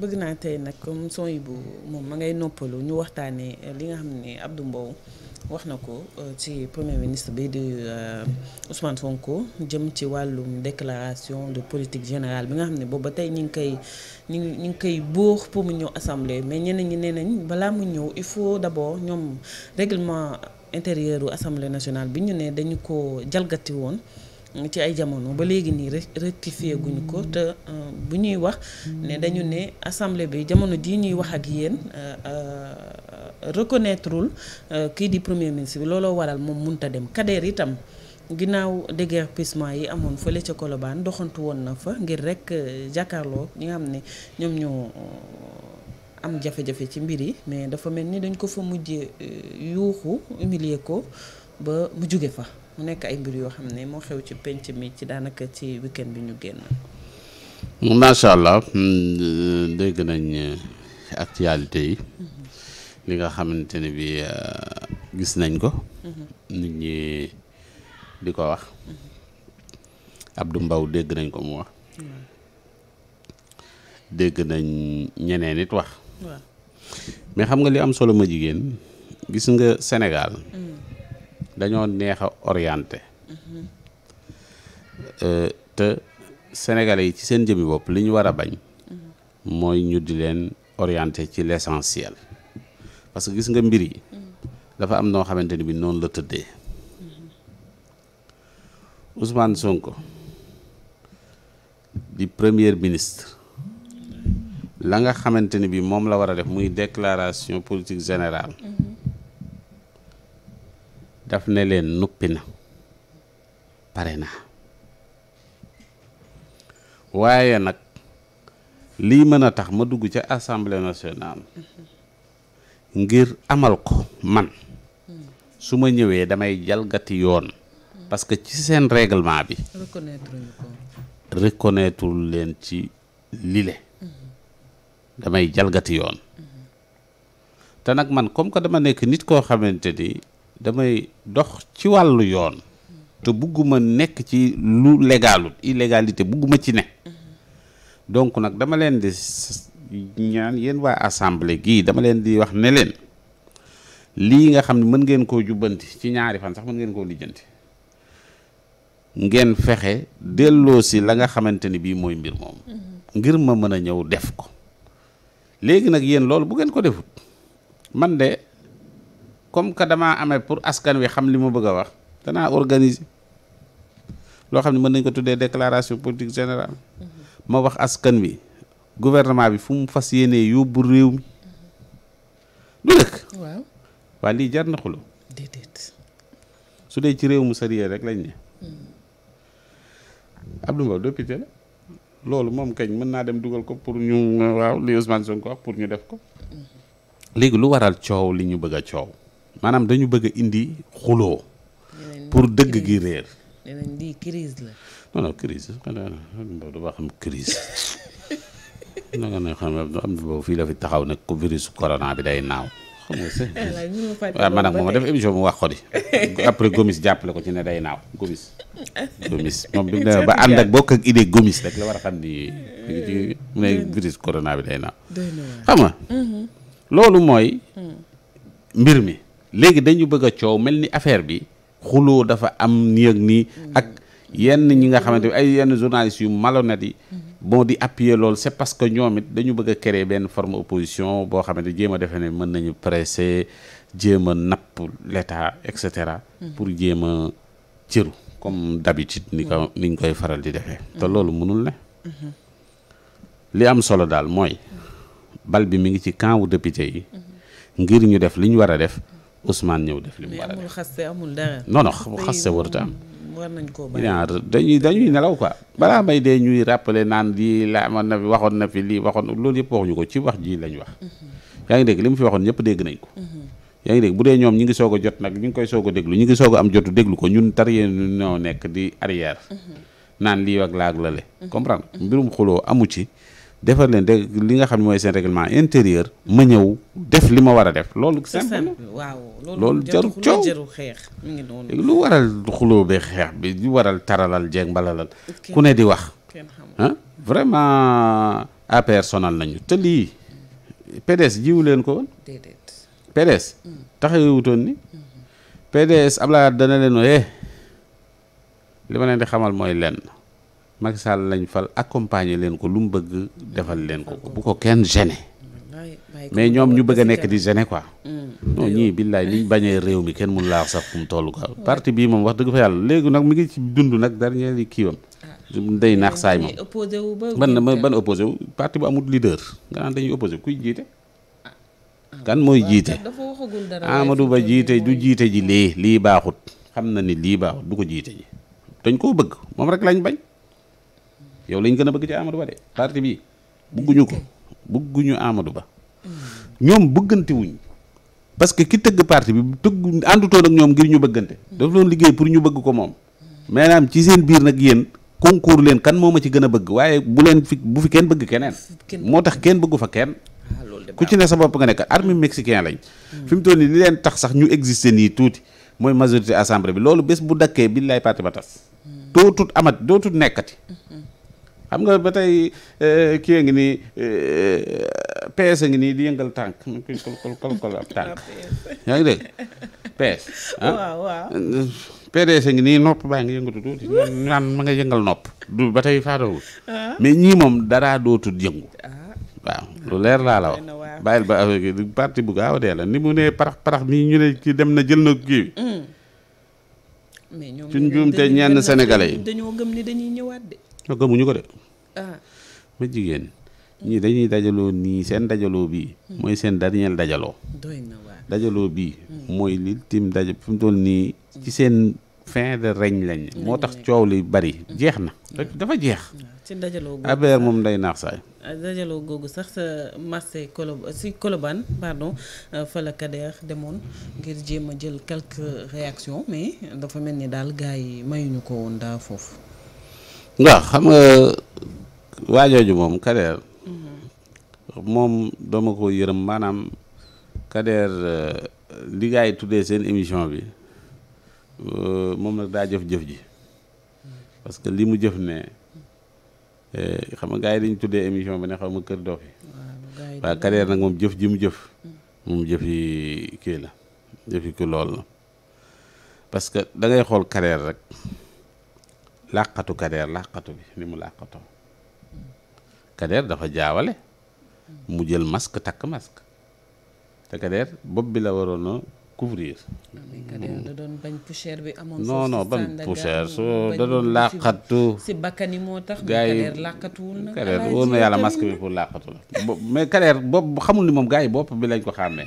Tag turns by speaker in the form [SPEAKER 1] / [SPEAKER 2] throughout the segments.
[SPEAKER 1] bëgg naa tey nag comme son yi bu moom ma ngay noppalu ñu waxtaanee euh, li nga xam ne Abdou Mbow wax na ko euh, ci premier ministre bi di euh, Ousmane Sonko jëm ci wàllum déclaration de politique générale bi nga xam ne boobu ba tey ñi ngi koy ñu ngi ñu ngi koy buux pour mu ñëw assemblée mais ñeneen ñi nee nañ balaa mu ñëw il faut d'abord ñoom réglement intérieur u assemblée nationale bi ñu ne dañu ko jalgati woon. ci ay jamono ba léegi nii rek rectifié guñ ko te euh, bu ñuy wax ne dañu ne assemblée bi jamono jii ñuy wax ak yéen euh, euh, reconnaîtreul kii di premier ministre bi looloo waral moom munta dem kadeer itam ginnaaw pissement yi amoon fële ca Colobane doxantu woon na fa ngir rek jàkkaarloo ñi nga xam ne ñoom ñoo am jafe-jafe ci mbir yi mais dafa mel ni dañ ko fa mujje yuuxu humilier ko ba mu jóge fa mu nekk ay mbir yoo xam ne moo xew ci penc mi ci daanaka ci weekend bi ñu génn.
[SPEAKER 2] macha allah hmm, euh, dégg nañ euh, actualité yi. Mm-hmm. li nga xamante ne bi euh, gis nañ ko mm-hmm. nit ñi di ko wax mm-hmm. Abdou mbaw dégg nañ ko mu wax dégg nañ ñeneen nit wax mais xam nga li am solo ma jigéen gis nga Sénégal mm. dañoo neex a orienté euh, te sénégalais yi ci seen jëmmi bopp li ñu war a bañ mooy ñu di leen orienté ci l'essentiel parce que gis nga mbir yi dafa am noo xamante ni bi noonu la tëddee Ousmane Sonko di première ministre la nga xamante ni bi moom la war a def muy déclaration politique générale daf ne leen nuppi na pare na waaye nag lii mën a tax ma dugg ca assemblée nationale ngir amal ko man su ma ñëwee damay jalgati yoon parce que ci seen réglement bi reconnaître leen ci lile damay jalgati yoon mhm. te nag man comme que dama nekk nit koo xamante ni damay dox ci wàllu yoon te bugguma nekk ci lu légalut illégalité bugguma ci ne donc nag dama leen di ñaan yéen waa assemblée gii dama leen di wax ne leen lii nga xam ne mën ngeen koo jubbanti ci ñaari fan sax mën ngeen koo lijjanti ngeen fexe delloo si la nga xamante ni bii mooy mbir moom ngir ma mën a ñëw def ko léegi nag yéen loolu bu ngeen ko defut man de comme que damaa amee pour askan wi xam li ma bëgg a wax danaa organiser loo xam ne mën nañ ko tuddee déclaration politique général mm-hmm. ma wax askan wi gouvernement bi fu mu fas yéenee yóbbu réew mi mm-hmm.
[SPEAKER 3] du dëkk waaw
[SPEAKER 2] waa lii jar na xulo déedéet su dee ci réew mu sérieux rek lañ ne mm-hmm. Abdou Mbow député la loolu moom kañ mën naa dem dugal ko pour ñu waaw li Ousmane Sonko wax pour ñu def ko léegi lu waral coow li ñu bëgg a coow maanaam dañu bëgg a indi xuloo pour dëgg gi réer. nee nañ lii la. non non crise xanaa du ma xam crise na nga ne xam ne am na boobu fii la fi taxaw nag ko virus corona bi day naaw. xam nga sax waaw man ak moom def émission mu wax ko après gomis jàppale ko ci ne day naaw gomis. gomis moom bi mu ba ànd ak bokk ak idée rek la war a xam ni ci eh, mu ne virus corona bi day naaw. xam mhm. loolu mooy. Mhm. mbir mi. léegi dañu bëgg a coow mel ni affaire bi xuloo dafa am nii ak nii ak yenn ñi nga xamante ne ay yenn journalistes yu malhonnête di bon di appuyer loolu c'est parce que ñoom it dañu bëgg a benn forme opposition boo xam ne jéem a defee ne mën nañu presser jéem a napp l'État et cetera pour jéem a cëru comme d'habitude ni ko niñ koy faral di defee te loolu mënul ne li am solo daal mooy bal bi mu ngi ci camp wu député yi ngir ñu def li ñu war a def Ousmane ñëw def li mu war
[SPEAKER 1] a def mais amul xaste amul dara. am. war nañ koo bàyyi
[SPEAKER 2] dañuy dañuy nelaw quoi balaa may dee ñuy rappeler naan lii la amoon na fi waxoon na fi lii waxoon loolu yëpp waxuñu ko ci wax ji lañ wax. Mhm. yaa ngi dégg li mu fi waxoon ñëpp dégg nañ ko. Mhm. yaa ngi dégg bu dee ñoom ñi ngi soog a jot nag ñi ngi koy soog a déglu ñi ngi soog am jotu déglu ko ñun tar yéen ñoo nekk di arrière. Mhm. naan lii ak laag la le comprendre mbirum xuloo amu ci defar leen de li nga xam ne mooy seen règlement intérieur ma ñëw def li ma war a def loolu. simple waaw loolu jarul coow
[SPEAKER 3] xeex mi ngi noonu lu waral
[SPEAKER 2] xuloo be xeex bi lu waral taralal jeeg mbalalal ku ne di wax ah vraiment APR sonal nañu te lii PDS jiwu leen ko woon PDS taxawutoon ni mm-hmm. PDS Abdoulaye dana leen eh li ma leen di xamal mooy lenn Macky Sall lañ fal accompagner leen ko lu mu bëgg defal leen ko bu ko kenn gêné mais ñoom ñu bëgg a nekk di gêné ko mm. non ñii billaay niñ bañee réew mi kenn mun laa wax sax fu mu mm. parti bii moom wax dëgg fa yàlla léegi nag mi ngi ci dund nag dernier yi kiiwam ah. day naax saay
[SPEAKER 1] moom ban
[SPEAKER 2] ban opposé wu parti bu amul nga naan dañuy opposé kuy jiite ah, ah. kan mooy jiite Amadou Ba jiite du jiite ji lii lii baaxut xam na ni lii baaxut du ko jiite ji dañ koo bëgg moom rek lañ bañ yow lañ gën a bëgg ci Amadou Ba de parti bii bëgguñu ko bëgguñu Amadou Ba ñoom buggante wuñ parce que ki tëgg parti bi tëgg àndutoon nag ñoom ngir ñu bëggante daf doon liggéey pour ñu bëgg ko moom maanaam ci seen biir nag yéen concours leen kan moom ma ci gën a bëgg waaye bu leen fi bu fi kenn bëgg keneen moo tax kenn bëggu fa kenn ah, ku ci ne sa bopp nga nekk armée mexicain lañ fi mu toll nii li leen tax sax ñu exister nii tuuti mooy majorité assemblée bi loolu bés bu dakkee billaay parti ba tas hmm. dootut amat dootut nekkati hmm, hmm. xam nga ba tey eh, kii a ngi nii eh, PS a ngi nii di yëngal tànk mu ngi ah, yaa ngi dégg PS ah ngi nii nopp baa ngi yëngatu tuuti naan ma nga yëngal nopp du ba tey faatawul ah. mais ñii moom daraa dootul yëngu ah. waaw lu leer laa la wax bàyyil ba avec parti bu gaaw dee la ni mu ne parax parax mii ñu ne kii dem na jël na kii mm.
[SPEAKER 1] mais ñoom ci njuumte ñenn yi dañoo gëm ni dañuy ñëwaat de. gëmuñu ko de. ba
[SPEAKER 2] ah. jigéen ñi dañuy dajaloo nii seen dajaloo bii hmm. mooy seen dernier dajaloo dajaloo bii hmm. mooy l'ultime daj fi mu toll nii hmm. ci seen fin de règne lañ moo tax coow li bari jeex na dafa jeex ci dajaloo googu moom day naax saay
[SPEAKER 1] ah, dajaloo googu sax sa marché kolo si Colobane pardon euh, fa demoon ngir jéem a jël quelques réactions mais dafa mel ni daal gars yi mayuñu ko woon daa foofu
[SPEAKER 2] nga xam nga waajooju moom Kader moom dama ko yërëm maanaam Kader euh, li gars yi tuddee seen émission bi euh, moom nag daa jëf-jëf ji parce que li mu jëf ne euh, xam nga gaa yi dañu tuddee émission bi ne xaw ma kër doo yi waaw Kader nag moom jëf ji mu jëf mu jëf yi kii la jëf yi lool la parce que da ngay xool Kader rek làqatu kadeer làqatu bi ni mu làqatoo kadeer dafa jaawale mu jël mask takk mask te kadeer bopp bi la waroon a couvrir. da bi amoon. non non ban poussière su da doon làqatu.
[SPEAKER 1] si bakkan yi moo tax. gars yi kadeer làqatuwul na. kadeer wóor na yàlla masque
[SPEAKER 2] bi pour làqatu la. mais kadeer bopp xamul ni moom gars yi bopp bi lañ ko xàmmee.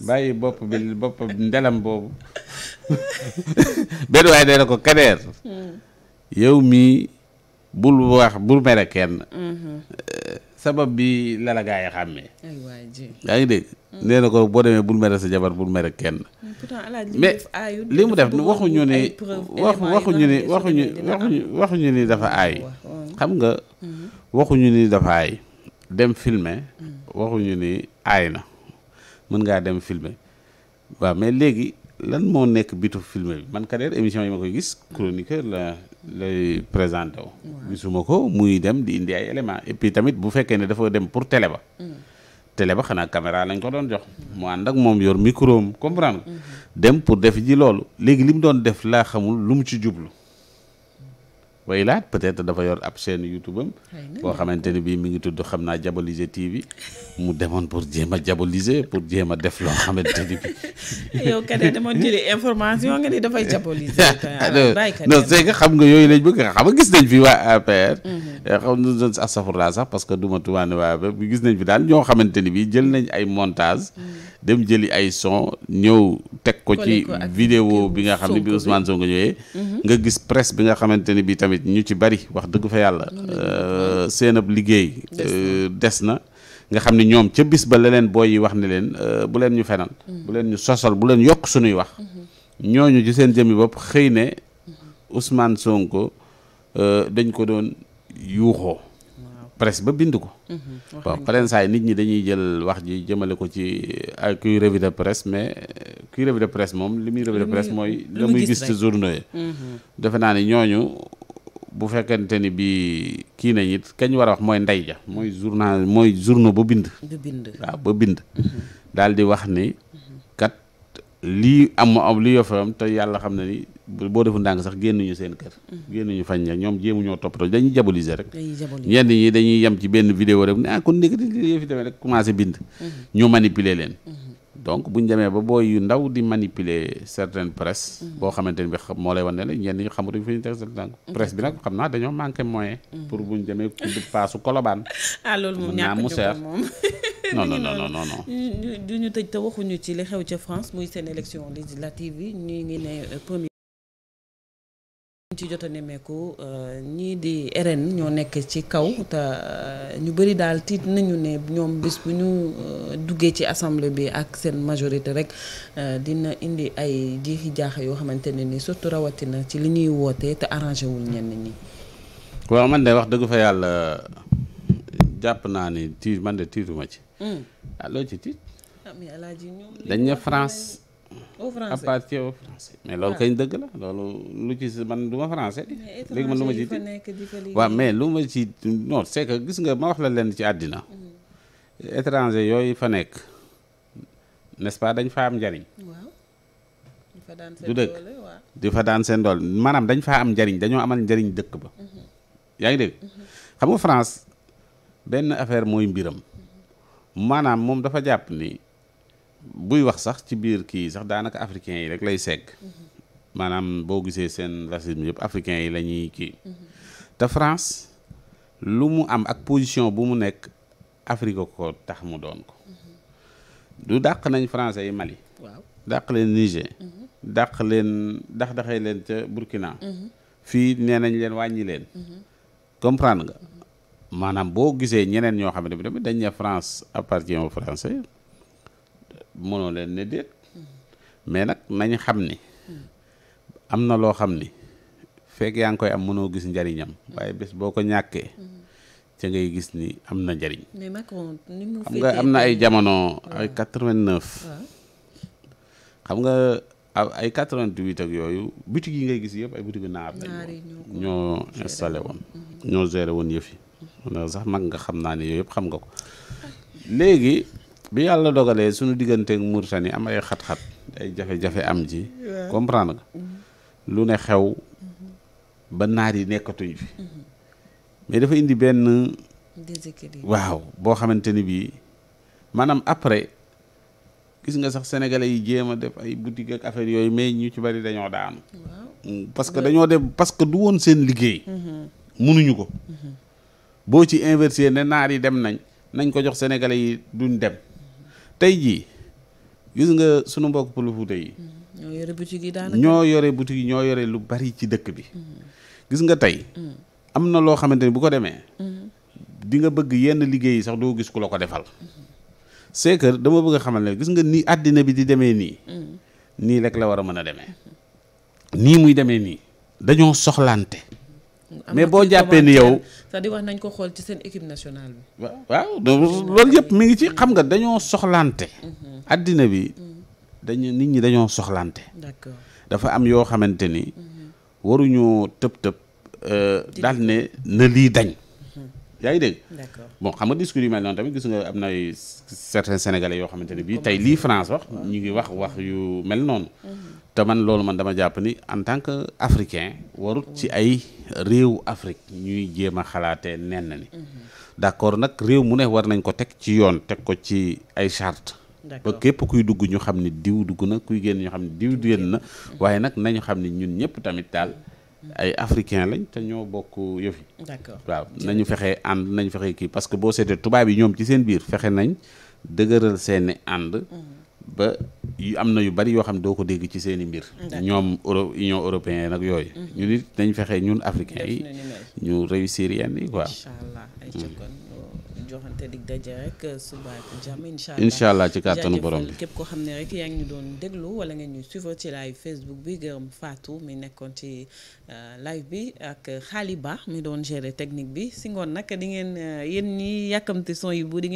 [SPEAKER 2] bàyyi bopp bi bopp ndelam boobu benn waaye nee na ko kadeer hmm. yow mii bul wax bul mere kenn hmm. eh, sabab bi la la gaa yi xàmmee yaa ngi dégg hmm. nee na ko boo demee bul mere sa jabar bul mere kenn
[SPEAKER 3] mais li mu def waxuñu ne wax
[SPEAKER 2] waxuñu ne waxuñu ni dafa aay xam nga waxuñu ni dafa aay dem filmer waxuñu ni aay na mën ngaa dem filmer waaw mais léegi lan moo nekk bitu filmer bi man Kader émission yi ma koy gis chroniqueur la lay présenter wu gisuma ko muy dem di indi ay éléments et puis tamit bu fekkee ne dafa dem pour télé ba mm. télé ba xanaa caméra lañ ko doon jox mu ànd ak moom yor micro am comprendre mm-hmm. dem pour def ji loolu léegi li mu doon def laa xamul lu mu ci jublu waylaat peut-être dafa yor ab chaîne YouTube am. xamante ni bii mi ngi tudd xam naa diaboliser TV mu demoon pour jéem a diaboliser pour jéem a def loo xamante ni bii. yow kat
[SPEAKER 1] information nga ni ah,
[SPEAKER 2] xam nga yooyu lañ bëgg xam nga gis nañ fi waa APR. Mhm. Eh, xaw ma doon astafurlaa sax parce que du ma waa APR gis nañ fi daal ñoo xamante ni bii jël nañ ay montage. Mhm. dem jëli ay son ñëw teg ko ci vidéo bi nga xam ne bi Ousmane Sonko ñëwee mhm. nga gis presse bi nga xamante ne bii tamit ñu ci bari wax dëgg fa yàlla euh, seen ab liggéey des na euh, nga xam ni ñoom ca bis ba la leen booy wax ne leen euh, bu leen ñu fenal mhm. bu leen ñu sosal bu leen yokk suñuy wax mhm. ñooñu ci seen jëmmi bopp xëy ne Ousmane Sonko dañ ko doon yuuxoo presse ba bind ko. Mhm, waaw pareen saa yi nit ñi dañuy jël wax ji jëmale ko ci ay kuy revue de presse mais kuy revue de presse moom li muy revue de mooy. la muy gis ci journaux yi. Mhm. defe naa ne ñooñu bu fekkente ni bii kii nañ it kañ war a wax mooy ndey ja mooy journal mooy journaux ba bind. ba bind waaw ba bind. Mhm. daal di wax ni. lii am am lii yofaram te yàlla xam ne ni boo defu ndànk sax génnuñu seen kër mm. ñu fañ ña ñoom jéemu ñoo toppatoo dañuy jaboliser rek ñenn ñi dañuy yem ci benn vidéo rek ne ah kon nekk di lii fi demee rek commencé bind mm-hmm. ñu manipuler leen mm-hmm. donc bu ñu demee ba booy yu ndaw di manipuler certaines presse mhm. boo xamante ni bi moo lay wan ne la ñenn ñi xamatuñ fi ñu teg seen tànk presse bi nag xam naa dañoo manqué moyen mhm. pour bu ñu demee kudd paasu kolobaan
[SPEAKER 1] ah loolu moom ñàkk mu seer
[SPEAKER 2] non non non non non
[SPEAKER 1] du ñu tëj te waxuñu ci li xew ca France muy seen élection législative yi ñuy ngi ne euh, premier ci jot a nemmeeku euh, ñii di RN ñoo nekk ci kaw te euh, ñu bëri daal tiit nañu ne ñoom bis bu ñu euh, duggee ci assemblée bi ak seen majorité rek dina indi ay jiixi jaaxa yoo xamante ne ni surtout rawatina ci li ñuy wootee te arrangé wul
[SPEAKER 2] ñenn ñi. waaw man de wax dëgg fa yàlla jàpp naa ni tiit man de tiituma ci. Hmm. Ah,
[SPEAKER 1] ah, dañ ne France.
[SPEAKER 2] au français appartient au français. mais loolu ah. kañ dëgg la loolu lu ci man du ma léegi man lu ma ci waaw mais lu ma ci non c'est gis nga ma wax la leen ci àddina. Mm-hmm. étranger yooyu fa nekk nest dañ fa am njariñ. du dëgg di fa daan seen dool maanaam dañ faa am njariñ dañoo amal njariñ dëkk ba mm-hmm. yaa ngi dégg mm-hmm. xam nga France benn affaire mooy mbiram maanaam moom dafa jàpp ni buy wax sax ci biir kii yi sax daanaka africains yi rek lay segg maanaam boo gisee seen racisme yëpp africain yi lañuy kii te France lu mu am ak position bu mu nekk Afrique ko tax mu doon ko du dàq nañ français yi Mali waaw dàq leen Niger mhm. dàq leen dax daxee leen ca Burkina mhm. fii nee nañ leen wàññi leen mhm. comprendre nga maanaam boo gisee ñeneen ñoo xam ne bi tamit dañ ne France appartient aux Français mënoo leen ne déet mais nag nañ xam ni am na loo xam ni fekk yaa ngi koy am mënoo gis njariñam waaye bés boo ko ñàkkee ca ngay gis ni am na njariñ
[SPEAKER 1] xam nga am na ay jamono
[SPEAKER 2] ay quatre-vingt-neuf xam nga ay quatre-vingt-huit ak yooyu bitig yi ngay gis yëpp ay bitigu naar lañ ñoo installé woon mhm. ñoo géré woon yëf yi sax mag nga xam naa ne yooyu yëpp xam nga ko léegi bi yàlla dogalee suñu digganteek Mauritanie am ay xat-xat ay jafe-jafe am ji comprendre mm-hmm. lu ne xew ba naar yi nekkatuñ fi mm-hmm. mais dafa indi benn waaw boo xamante ni bii maanaam après gis nga sax sénégalais yi jéem a def ay boutique ak affaire yooyu mais ñu ci bari dañoo daanu mm, parce que dañoo dem parce que du woon seen liggéey mënuñu mm-hmm. ko boo ci investir ne naar yi dem nañ nañ ko jox sénégalais yi duñ dem tey jii gis nga sunu mbokk pël Fuuta yi.
[SPEAKER 1] Mm-hmm. ñoo
[SPEAKER 2] yore boutique yi ñoo yore lu bari ci dëkk bi. Mm-hmm. gis nga tey. Mm-hmm. am na loo xamante ni bu ko demee. di nga bëgg yenn liggéey yi sax doo gis ku la ko defal. c'est dama bëgg a xamal ne gis nga ni àddina bi di demee nii. nii rek la war a mën a demee. nii muy demee nii. dañoo soxlante. mais boo jàppee ni yow.
[SPEAKER 1] di wax nañ ko xool ci seen équipe nationale
[SPEAKER 2] bi. waaw waaw loolu yëpp mi ngi ci xam nga dañoo soxlante. Mhm. addina bi mhm. dañu nit ñi dañoo soxlante. d'accord dafa am yoo xamante ni. Mhm. waruñoo tëb tëb. Euh, daal ne na lii dañ. yaa ngi dégg. bon xam nga discours yu mel noonu tamit gis nga am na ay certains sénégalais yoo xamante ni bii tey lii France wax ñu ngi wax wax yu mel noonu. te man loolu man dama jàpp ni en tant que africain. warut ci ay réew Afrique ñuy jéem a xalaatee nenn ni mhm. d'accord nag réew mu ne war nañ ko teg ci yoon teg ko ci ay charte ba képp kuy dugg ñu xam ni diw dugg na kuy génn ñu xam ni diw du génn na mhm. waaye nag nañu xam ni ñun ñëpp tamit daal mhm. ay africain lañ te ñoo bokk yëf waaw nañu fexe ànd nañu fexe kii parce que boo seetee tubaab yi ñoom ci seen biir fexe nañ dëgëral seeni ànd ba yu am na yu bari yoo xam ne doo ko dégg ci seeni mbir ñoom euro union européenne ak yooyu mhm. ñu nit dañ fexe ñun africain yi ñu réussir yenn yi quoi mhm.
[SPEAKER 1] euh, joxante dig daje rek euh, suba ak jàmm incha allah ci kàttanu borom bi képp koo xam ne rek yaa ngi ñu doon déglu wala nga ñuy suivre ci live Facebook bi gërëm Fatou mi nekkoon ci euh, live bi ak Xaali Ba mi doon gérer technique bi si ngoon nag di ngeen ñi yàkkamti son yi bu di